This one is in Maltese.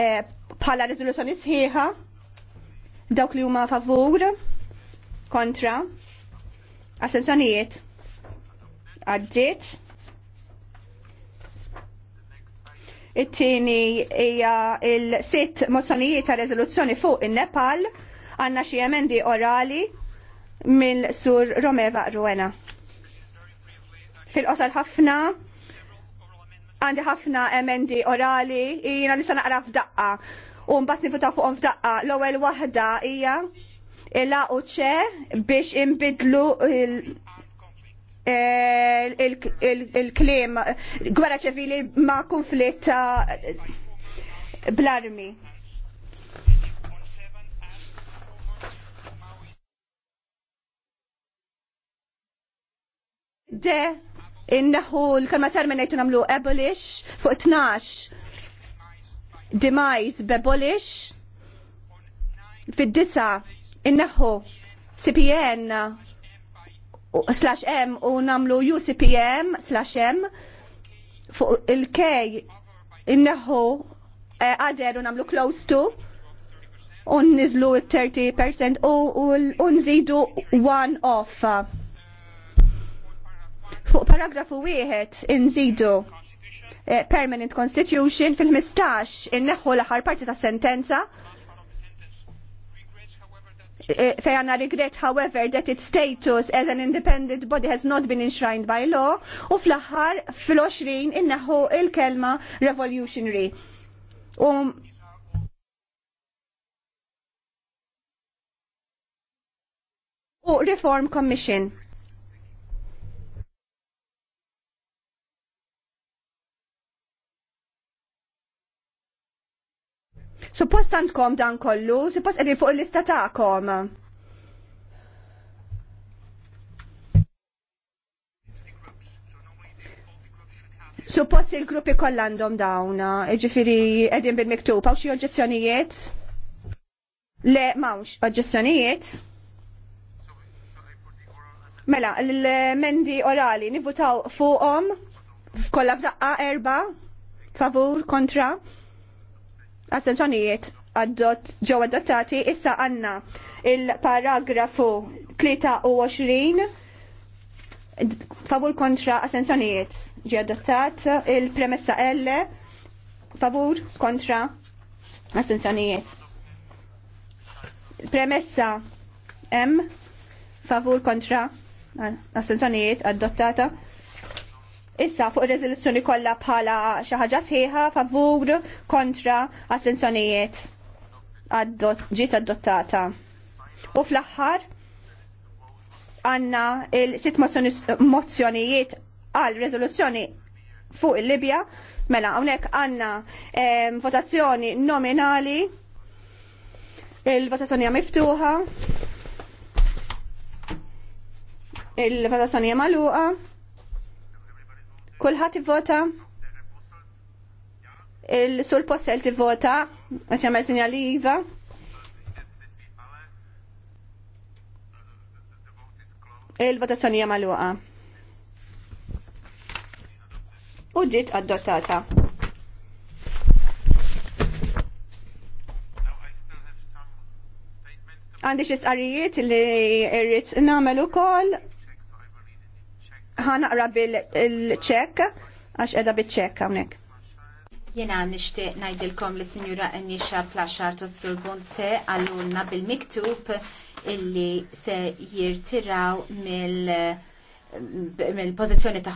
Eh, bħala riżoluzzjoni sħiħa dawk li huma favur kontra assenzjonijiet għaddiet it-tieni hija il-sitt mozzjonijiet ta' reżoluzzjoni fuq in-Nepal għandna xi emendi orali mill-sur Romeva Ruena. Fil-qosar ħafna għandi ħafna emendi orali, jina li sanaqra f'daqqa. U mbagħad nifuta fuqom f'daqqa. L-ewwel waħda hija illa u ċe biex imbidlu il-klim eh, gwerra ċevili ma' konflitt eh, bl-armi. De inneħu l-kalma terminate namlu abolish fuq 12 demise bebolish fid-disa inneħu CPN slash M u namlu UCPM slash M fuq il-K inneħu għader eh, u namlu close to un nizlu 30% u nżidu one off. Fuq paragrafu wieħed inżidu eh, permanent constitution fil-15 inneħħu l-aħħar parti ta' sentenza eh, fejana regret however that its status as an independent body has not been enshrined by law u fl-aħħar fl-20 inneħu il-kelma revolutionary. Um, u Reform Commission. Suppost għandkom dan kollu, suppost qegħdin fuq il-lista tagħkom. Suppost il-gruppi kollandom dawna, ġifiri għedin bil-miktub, għaw xie oġezzjonijiet? Le, mawx, oġezzjonijiet? Mela, l-mendi orali nivutaw fuqom, f'kolla f'daqqa erba, favur, kontra, assenzjonijiet għaddot ġew adottati issa għandna il-paragrafu 23 favur kontra assenzjonijiet ġi adottat il-premessa L favur kontra assenzjonijiet il-premessa M favur kontra assenzjonijiet adottata Issa fuq ir-riżoluzzjoni kollha bħala xi ħaġa sħiħa favur kontra astenzjonijiet ġiet adottata. U fl-aħħar għandna il-sitt mozzjonijiet għal riżoluzzjoni fuq il-Libja, mela hawnhekk għandna votazzjoni nominali il-votazzjoni hija miftuħa, il-votazzjoni hija magħluqa. Kulħadd vota Il-sur Possel tivvota qed jagħmel sinjali iva. Il-votazzjoni hija magħluqa. U ġiet adottata. Għandi xi stqarrijiet li rrid nagħmel ukoll naqra bil-ċek, għax edha bil-ċek għonek. Jena nishtiq najdilkom li sinjura Enisha Plaxar Tossur Bonte għallunna bil-miktub illi se jirtiraw mill-pozizjoni mil